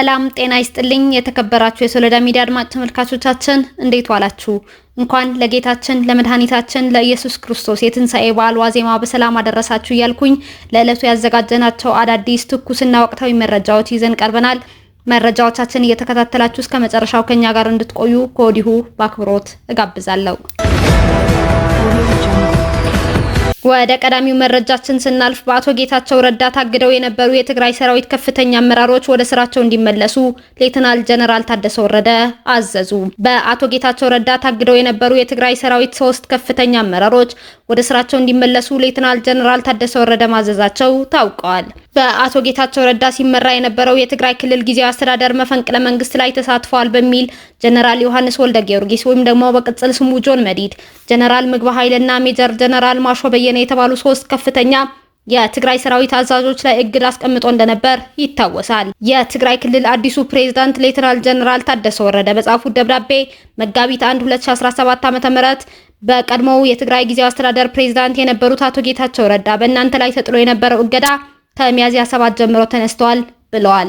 ሰላም ጤና ይስጥልኝ። የተከበራችሁ የሶለዳ ሚዲያ አድማጭ ተመልካቾቻችን እንዴት ዋላችሁ? እንኳን ለጌታችን ለመድኃኒታችን ለኢየሱስ ክርስቶስ የትንሣኤ በዓል ዋዜማ በሰላም አደረሳችሁ እያልኩኝ ለዕለቱ ያዘጋጀናቸው አዳዲስ ትኩስና ወቅታዊ መረጃዎች ይዘን ቀርበናል። መረጃዎቻችን እየተከታተላችሁ እስከ መጨረሻው ከኛ ጋር እንድትቆዩ ከወዲሁ በአክብሮት እጋብዛለሁ። ወደ ቀዳሚው መረጃችን ስናልፍ በአቶ ጌታቸው ረዳ ታግደው የነበሩ የትግራይ ሰራዊት ከፍተኛ አመራሮች ወደ ስራቸው እንዲመለሱ ሌትናል ጀነራል ታደሰ ወረደ አዘዙ። በአቶ ጌታቸው ረዳ ታግደው የነበሩ የትግራይ ሰራዊት ሶስት ከፍተኛ አመራሮች ወደ ስራቸው እንዲመለሱ ሌትናል ጀነራል ታደሰ ወረደ ማዘዛቸው ታውቀዋል። በአቶ ጌታቸው ረዳ ሲመራ የነበረው የትግራይ ክልል ጊዜያዊ አስተዳደር መፈንቅለ መንግስት ላይ ተሳትፏል በሚል ጀነራል ዮሐንስ ወልደ ጊዮርጊስ ወይም ደግሞ በቅጽል ስሙ ጆን መዲድ፣ ጀነራል ምግባ ኃይልና ሜጀር ጀነራል ማሾ በየ በየነ የተባሉ ሶስት ከፍተኛ የትግራይ ሰራዊት አዛዦች ላይ እግድ አስቀምጦ እንደነበር ይታወሳል። የትግራይ ክልል አዲሱ ፕሬዝዳንት ሌተናል ጀነራል ታደሰ ወረደ በጻፉት ደብዳቤ መጋቢት 1 2017 ዓ.ም በቀድሞው የትግራይ ጊዜያዊ አስተዳደር ፕሬዝዳንት የነበሩት አቶ ጌታቸው ረዳ በእናንተ ላይ ተጥሎ የነበረው እገዳ ከሚያዝያ 7 ጀምሮ ተነስተዋል ብለዋል።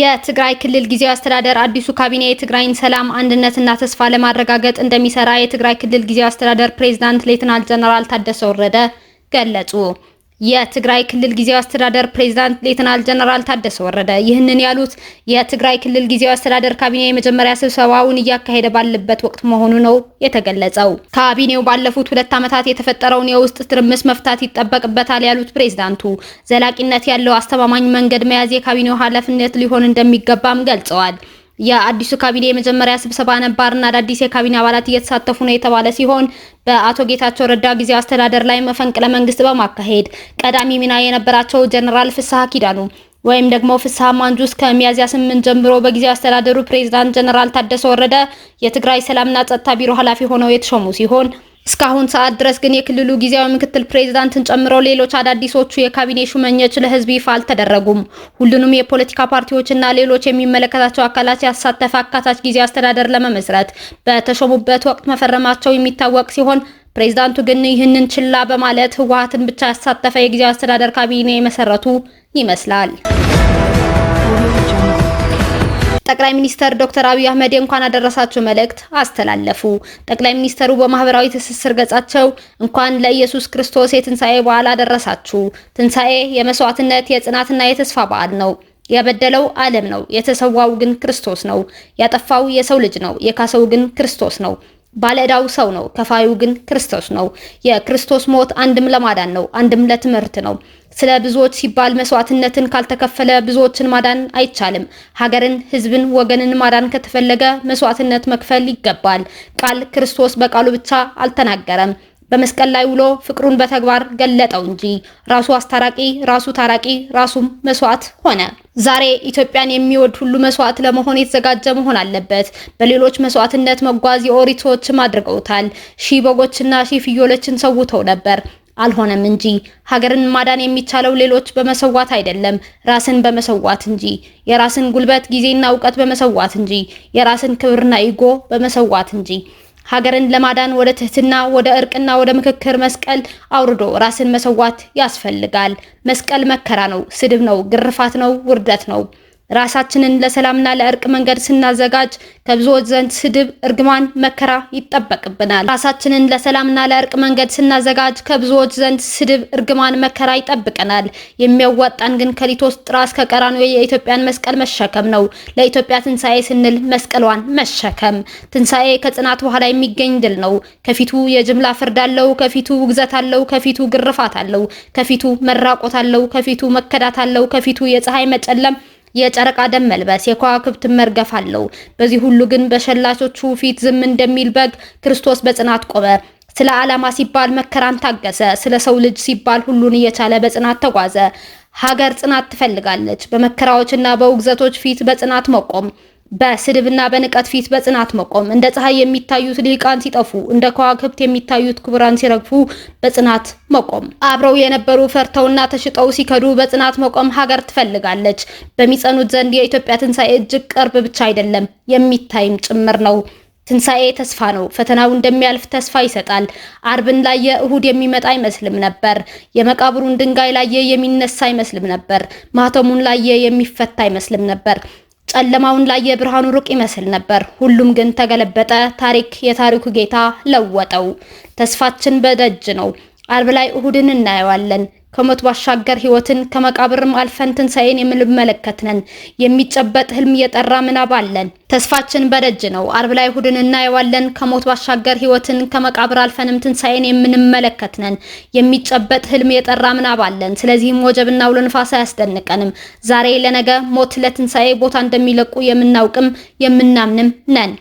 የትግራይ ክልል ጊዜያዊ አስተዳደር አዲሱ ካቢኔ የትግራይን ሰላም አንድነትና ተስፋ ለማረጋገጥ እንደሚሰራ የትግራይ ክልል ጊዜያዊ አስተዳደር ፕሬዝዳንት ሌትናል ጀነራል ታደሰ ወረደ ገለጹ። የትግራይ ክልል ጊዜያዊ አስተዳደር ፕሬዚዳንት ሌተናል ጀነራል ታደሰ ወረደ ይህንን ያሉት የትግራይ ክልል ጊዜያዊ አስተዳደር ካቢኔ የመጀመሪያ ስብሰባውን እያካሄደ ባለበት ወቅት መሆኑ ነው የተገለጸው። ካቢኔው ባለፉት ሁለት ዓመታት የተፈጠረውን የውስጥ ትርምስ መፍታት ይጠበቅበታል ያሉት ፕሬዚዳንቱ ዘላቂነት ያለው አስተማማኝ መንገድ መያዝ የካቢኔው ኃላፊነት ሊሆን እንደሚገባም ገልጸዋል። የአዲሱ ካቢኔ የመጀመሪያ ስብሰባ ነባርና አዳዲስ የካቢኔ አባላት እየተሳተፉ ነው የተባለ ሲሆን በአቶ ጌታቸው ረዳ ጊዜ አስተዳደር ላይ መፈንቅለ መንግስት በማካሄድ ቀዳሚ ሚና የነበራቸው ጀነራል ፍስሐ ኪዳኑ ወይም ደግሞ ፍስሐ ማንጁስ ከሚያዝያ ስምንት ጀምሮ በጊዜ አስተዳደሩ ፕሬዚዳንት ጀነራል ታደሰ ወረደ የትግራይ ሰላምና ጸጥታ ቢሮ ኃላፊ ሆነው የተሾሙ ሲሆን እስካሁን ሰዓት ድረስ ግን የክልሉ ጊዜያዊ ምክትል ፕሬዚዳንትን ጨምሮ ሌሎች አዳዲሶቹ የካቢኔ ሹመኞች ለህዝብ ይፋ አልተደረጉም። ሁሉንም የፖለቲካ ፓርቲዎችና ሌሎች የሚመለከታቸው አካላት ያሳተፈ አካታች ጊዜ አስተዳደር ለመመስረት በተሾሙበት ወቅት መፈረማቸው የሚታወቅ ሲሆን ፕሬዚዳንቱ ግን ይህንን ችላ በማለት ህወሀትን ብቻ ያሳተፈ የጊዜያዊ አስተዳደር ካቢኔ መሰረቱ ይመስላል። ጠቅላይ ሚኒስተር ዶክተር አብይ አህመድ እንኳን አደረሳችሁ መልእክት አስተላለፉ። ጠቅላይ ሚኒስተሩ በማህበራዊ ትስስር ገጻቸው እንኳን ለኢየሱስ ክርስቶስ የትንሣኤ በዓል አደረሳችሁ። ትንሣኤ የመስዋዕትነት የጽናትና የተስፋ በዓል ነው። ያበደለው ዓለም ነው፣ የተሰዋው ግን ክርስቶስ ነው። ያጠፋው የሰው ልጅ ነው፣ የካሰው ግን ክርስቶስ ነው። ባለዕዳው ሰው ነው፣ ከፋዩ ግን ክርስቶስ ነው። የክርስቶስ ሞት አንድም ለማዳን ነው፣ አንድም ለትምህርት ነው። ስለ ብዙዎች ሲባል መስዋዕትነትን ካልተከፈለ ብዙዎችን ማዳን አይቻልም። ሀገርን፣ ህዝብን ወገንን ማዳን ከተፈለገ መስዋዕትነት መክፈል ይገባል። ቃል ክርስቶስ በቃሉ ብቻ አልተናገረም። በመስቀል ላይ ውሎ ፍቅሩን በተግባር ገለጠው እንጂ ራሱ አስታራቂ፣ ራሱ ታራቂ፣ ራሱም መስዋዕት ሆነ። ዛሬ ኢትዮጵያን የሚወድ ሁሉ መስዋዕት ለመሆን የተዘጋጀ መሆን አለበት። በሌሎች መስዋዕትነት መጓዝ የኦሪቶችም አድርገውታል። ሺህ በጎችና ሺህ ፍየሎችን ሰውተው ነበር፣ አልሆነም እንጂ። ሀገርን ማዳን የሚቻለው ሌሎች በመሰዋት አይደለም፣ ራስን በመሰዋት እንጂ። የራስን ጉልበት ጊዜና እውቀት በመሰዋት እንጂ። የራስን ክብርና ኢጎ በመሰዋት እንጂ። ሀገርን ለማዳን ወደ ትህትና፣ ወደ እርቅና ወደ ምክክር መስቀል አውርዶ ራስን መሰዋት ያስፈልጋል። መስቀል መከራ ነው፣ ስድብ ነው፣ ግርፋት ነው፣ ውርደት ነው። ራሳችንን ለሰላምና ለእርቅ መንገድ ስናዘጋጅ ከብዙዎች ዘንድ ስድብ፣ እርግማን፣ መከራ ይጠበቅብናል። ራሳችንን ለሰላምና ለእርቅ መንገድ ስናዘጋጅ ከብዙዎች ዘንድ ስድብ፣ እርግማን፣ መከራ ይጠብቀናል። የሚያዋጣን ግን ከሊቶስ ጥራስ እስከ የኢትዮጵያን መስቀል መሸከም ነው። ለኢትዮጵያ ትንሣኤ ስንል መስቀሏን መሸከም። ትንሣኤ ከጽናት በኋላ የሚገኝ ድል ነው። ከፊቱ የጅምላ ፍርድ አለው። ከፊቱ ውግዘት አለው። ከፊቱ ግርፋት አለው። ከፊቱ መራቆት አለው። ከፊቱ መከዳት አለው። ከፊቱ የፀሐይ መጨለም የጨረቃ ደም መልበስ፣ የከዋክብት መርገፍ አለው። በዚህ ሁሉ ግን በሸላቾቹ ፊት ዝም እንደሚል በግ ክርስቶስ በጽናት ቆመ። ስለ ዓላማ ሲባል መከራን ታገሰ። ስለ ሰው ልጅ ሲባል ሁሉን እየቻለ በጽናት ተጓዘ። ሀገር ጽናት ትፈልጋለች። በመከራዎችና በውግዘቶች ፊት በጽናት መቆም፣ በስድብና በንቀት ፊት በጽናት መቆም። እንደ ፀሐይ የሚታዩት ሊቃን ሲጠፉ፣ እንደ ከዋክብት የሚታዩት ክቡራን ሲረግፉ በጽናት መቆም። አብረው የነበሩ ፈርተውና ተሽጠው ሲከዱ በጽናት መቆም ሀገር ትፈልጋለች። በሚጸኑት ዘንድ የኢትዮጵያ ትንሣኤ እጅግ ቅርብ ብቻ አይደለም የሚታይም ጭምር ነው። ትንሣኤ ተስፋ ነው። ፈተናው እንደሚያልፍ ተስፋ ይሰጣል። አርብን ላየ እሁድ የሚመጣ አይመስልም ነበር። የመቃብሩን ድንጋይ ላየ የሚነሳ አይመስልም ነበር። ማተሙን ላየ የሚፈታ አይመስልም ነበር። ጨለማውን ላየ ብርሃኑ ሩቅ ይመስል ነበር። ሁሉም ግን ተገለበጠ። ታሪክ የታሪኩ ጌታ ለወጠው። ተስፋችን በደጅ ነው። አርብ ላይ እሁድን እናየዋለን። ከሞት ባሻገር ህይወትን ከመቃብርም አልፈን ትንሳኤን የምንመለከት ነን። የሚጨበጥ ህልም የጠራ ምናብ አለን። ተስፋችን በደጅ ነው። አርብ ላይ እሁድን እናየዋለን። ከሞት ባሻገር ህይወትን ከመቃብር አልፈንም ትንሣኤን የምንመለከት ነን። የሚጨበጥ ህልም የጠራ ምናብ አለን። ስለዚህም ወጀብና አውሎ ንፋስ አያስደንቀንም። ዛሬ ለነገ ሞት ለትንሳኤ ቦታ እንደሚለቁ የምናውቅም የምናምንም ነን።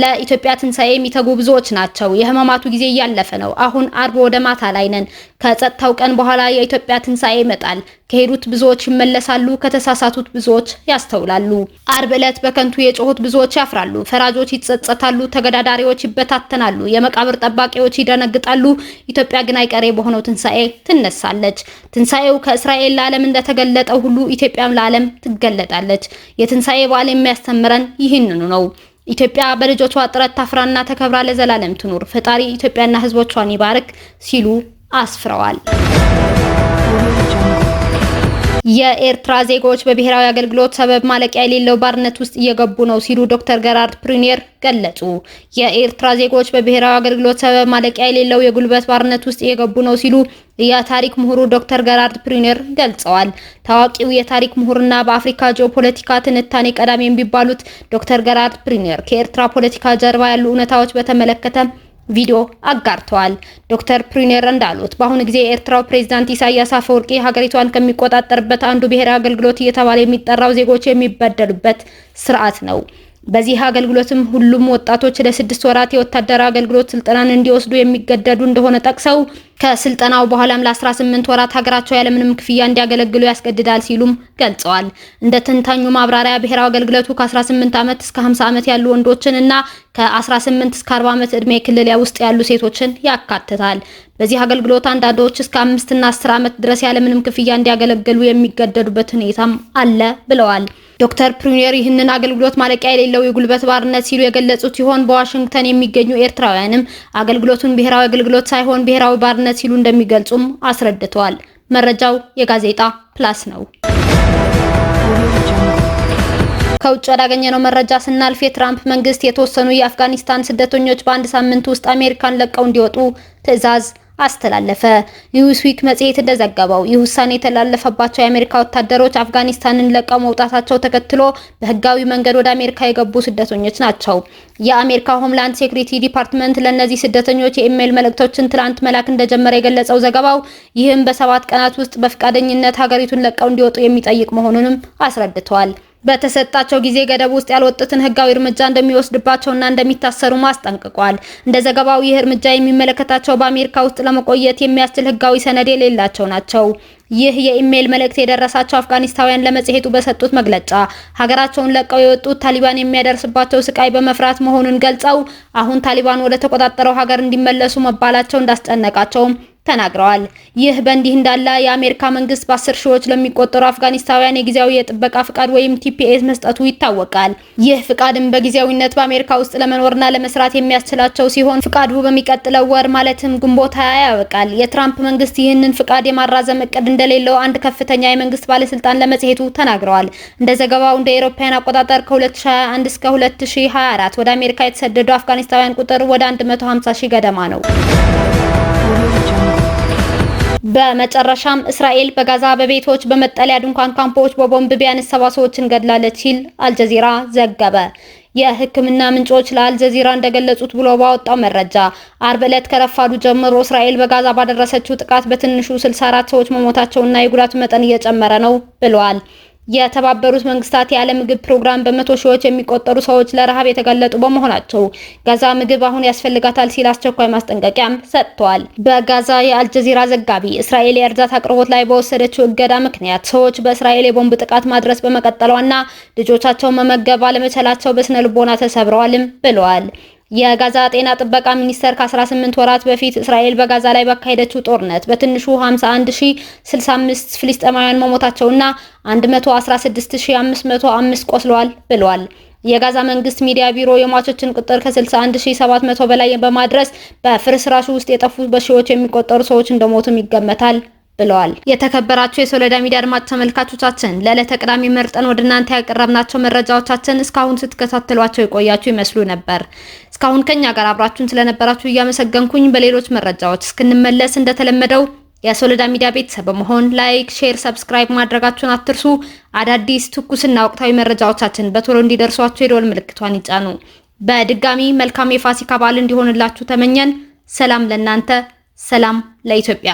ለኢትዮጵያ ትንሣኤ የሚተጉ ብዙዎች ናቸው። የህመማቱ ጊዜ እያለፈ ነው። አሁን አርብ ወደ ማታ ላይ ነን። ከጸጥታው ቀን በኋላ የኢትዮጵያ ትንሣኤ ይመጣል። ከሄዱት ብዙዎች ይመለሳሉ፣ ከተሳሳቱት ብዙዎች ያስተውላሉ። አርብ ዕለት በከንቱ የጮሁት ብዙዎች ያፍራሉ፣ ፈራጆች ይጸጸታሉ፣ ተገዳዳሪዎች ይበታተናሉ፣ የመቃብር ጠባቂዎች ይደነግጣሉ። ኢትዮጵያ ግን አይቀሬ በሆነው ትንሣኤ ትነሳለች። ትንሣኤው ከእስራኤል ለዓለም እንደተገለጠው ሁሉ ኢትዮጵያም ለዓለም ትገለጣለች። የትንሣኤ በዓል የሚያስተምረን ይህንኑ ነው። ኢትዮጵያ በልጆቿ ጥረት ታፍራና ተከብራ ለዘላለም ትኑር፣ ፈጣሪ ኢትዮጵያና ሕዝቦቿን ይባርክ ሲሉ አስፍረዋል። የኤርትራ ዜጎች በብሔራዊ አገልግሎት ሰበብ ማለቂያ የሌለው ባርነት ውስጥ እየገቡ ነው ሲሉ ዶክተር ገራርድ ፕሪኒየር ገለጹ። የኤርትራ ዜጎች በብሔራዊ አገልግሎት ሰበብ ማለቂያ የሌለው የጉልበት ባርነት ውስጥ እየገቡ ነው ሲሉ የታሪክ ምሁሩ ዶክተር ገራርድ ፕሪኒየር ገልጸዋል። ታዋቂው የታሪክ ምሁርና በአፍሪካ ጂኦፖለቲካ ትንታኔ ቀዳሚ የሚባሉት ዶክተር ገራርድ ፕሪኒየር ከኤርትራ ፖለቲካ ጀርባ ያሉ እውነታዎች በተመለከተ ቪዲዮ አጋርተዋል። ዶክተር ፕሪነር እንዳሉት በአሁኑ ጊዜ የኤርትራው ፕሬዝዳንት ኢሳያስ አፈወርቂ ሀገሪቷን ከሚቆጣጠርበት አንዱ ብሔራዊ አገልግሎት እየተባለ የሚጠራው ዜጎች የሚበደሉበት ስርዓት ነው። በዚህ አገልግሎትም ሁሉም ወጣቶች ለስድስት ወራት የወታደር አገልግሎት ስልጠናን እንዲወስዱ የሚገደዱ እንደሆነ ጠቅሰው ከስልጠናው በኋላም ለ18 ወራት ሀገራቸው ያለምንም ክፍያ እንዲያገለግሉ ያስገድዳል ሲሉም ገልጸዋል። እንደ ተንታኙ ማብራሪያ ብሔራዊ አገልግሎቱ ከ18 ዓመት እስከ 50 ዓመት ያሉ ወንዶችን እና ከ18 እስከ 40 ዓመት ዕድሜ ክልል ውስጥ ያሉ ሴቶችን ያካትታል። በዚህ አገልግሎት አንዳንዶች እስከ 5 እና 10 ዓመት ድረስ ያለምንም ክፍያ እንዲያገለግሉ የሚገደዱበት ሁኔታም አለ ብለዋል። ዶክተር ፕሪኒየር ይህንን አገልግሎት ማለቂያ የሌለው የጉልበት ባርነት ሲሉ የገለጹት ሲሆን በዋሽንግተን የሚገኙ ኤርትራውያንም አገልግሎቱን ብሔራዊ አገልግሎት ሳይሆን ብሔራዊ ባርነት ሲሉ እንደሚገልጹም አስረድተዋል። መረጃው የጋዜጣ ፕላስ ነው። ከውጭ ወዳገኘነው መረጃ ስናልፍ የትራምፕ መንግስት የተወሰኑ የአፍጋኒስታን ስደተኞች በአንድ ሳምንት ውስጥ አሜሪካን ለቀው እንዲወጡ ትዕዛዝ አስተላለፈ። ኒውስዊክ መጽሔት እንደዘገበው ይህ ውሳኔ የተላለፈባቸው የአሜሪካ ወታደሮች አፍጋኒስታንን ለቀው መውጣታቸው ተከትሎ በህጋዊ መንገድ ወደ አሜሪካ የገቡ ስደተኞች ናቸው። የአሜሪካ ሆምላንድ ሴኩሪቲ ዲፓርትመንት ለእነዚህ ስደተኞች የኢሜይል መልእክቶችን ትላንት መላክ እንደጀመረ የገለጸው ዘገባው ይህም በሰባት ቀናት ውስጥ በፈቃደኝነት ሀገሪቱን ለቀው እንዲወጡ የሚጠይቅ መሆኑንም አስረድተዋል። በተሰጣቸው ጊዜ ገደብ ውስጥ ያልወጡትን ህጋዊ እርምጃ እንደሚወስድባቸውና እንደሚታሰሩ ማስጠንቅቋል። እንደ ዘገባው ይህ እርምጃ የሚመለከታቸው በአሜሪካ ውስጥ ለመቆየት የሚያስችል ህጋዊ ሰነድ የሌላቸው ናቸው። ይህ የኢሜይል መልእክት የደረሳቸው አፍጋኒስታውያን ለመጽሔቱ በሰጡት መግለጫ ሀገራቸውን ለቀው የወጡት ታሊባን የሚያደርስባቸው ስቃይ በመፍራት መሆኑን ገልጸው አሁን ታሊባን ወደ ተቆጣጠረው ሀገር እንዲመለሱ መባላቸው እንዳስጨነቃቸውም ተናግረዋል። ይህ በእንዲህ እንዳለ የአሜሪካ መንግስት በአስር ሺዎች ለሚቆጠሩ አፍጋኒስታውያን የጊዜያዊ የጥበቃ ፍቃድ ወይም ቲፒኤስ መስጠቱ ይታወቃል። ይህ ፍቃድም በጊዜያዊነት በአሜሪካ ውስጥ ለመኖርና ለመስራት የሚያስችላቸው ሲሆን ፍቃዱ በሚቀጥለው ወር ማለትም ግንቦት ሀያ ያበቃል። የትራምፕ መንግስት ይህንን ፍቃድ የማራዘም እቅድ እንደሌለው አንድ ከፍተኛ የመንግስት ባለስልጣን ለመጽሔቱ ተናግረዋል። እንደ ዘገባው እንደ ኤሮፓያን አቆጣጠር ከ2021 እስከ 2024 ወደ አሜሪካ የተሰደዱ አፍጋኒስታውያን ቁጥር ወደ 150 ሺህ ገደማ ነው። በመጨረሻም እስራኤል በጋዛ በቤቶች በመጠለያ ድንኳን ካምፖች በቦምብ ቢያንስ ሰባ ሰዎችን ገድላለች ሲል አልጀዚራ ዘገበ። የሕክምና ምንጮች ለአልጀዚራ እንደገለጹት ብሎ ባወጣው መረጃ አርብ ዕለት ከረፋዱ ጀምሮ እስራኤል በጋዛ ባደረሰችው ጥቃት በትንሹ 64 ሰዎች መሞታቸውና የጉዳቱ መጠን እየጨመረ ነው ብለዋል። የተባበሩት መንግስታት የዓለም ምግብ ፕሮግራም በመቶ ሺዎች የሚቆጠሩ ሰዎች ለረሃብ የተጋለጡ በመሆናቸው ጋዛ ምግብ አሁን ያስፈልጋታል ሲል አስቸኳይ ማስጠንቀቂያም ሰጥቷል። በጋዛ የአልጀዚራ ዘጋቢ እስራኤል የእርዳታ አቅርቦት ላይ በወሰደችው እገዳ ምክንያት ሰዎች በእስራኤል የቦምብ ጥቃት ማድረስ በመቀጠሏና ልጆቻቸው መመገብ አለመቻላቸው በስነ ልቦና ተሰብረዋልም ብለዋል። የጋዛ ጤና ጥበቃ ሚኒስቴር ከ18 ወራት በፊት እስራኤል በጋዛ ላይ ባካሄደችው ጦርነት በትንሹ 51065 ፍልስጤማውያን መሞታቸውና 116505 ቆስለዋል ብሏል የጋዛ መንግስት ሚዲያ ቢሮ የሟቾችን ቁጥር ከ61700 በላይ በማድረስ በፍርስራሹ ውስጥ የጠፉ በሺዎች የሚቆጠሩ ሰዎች እንደሞቱም ይገመታል ብለዋል። የተከበራችሁ የሶለዳ ሚዲያ አድማጭ ተመልካቾቻችን ለዕለተ ቅዳሜ መርጠን ወደ እናንተ ያቀረብናቸው መረጃዎቻችን እስካሁን ስትከታተሏቸው የቆያችሁ ይመስሉ ነበር። እስካሁን ከኛ ጋር አብራችሁን ስለነበራችሁ እያመሰገንኩኝ በሌሎች መረጃዎች እስክንመለስ እንደተለመደው የሶለዳ ሚዲያ ቤተሰብ በመሆን ላይክ፣ ሼር፣ ሰብስክራይብ ማድረጋችሁን አትርሱ። አዳዲስ ትኩስና ወቅታዊ መረጃዎቻችን በቶሎ እንዲደርሷቸው የደወል ምልክቷን ይጫኑ። በድጋሚ መልካም የፋሲካ በዓል እንዲሆንላችሁ ተመኘን። ሰላም ለእናንተ፣ ሰላም ለኢትዮጵያ።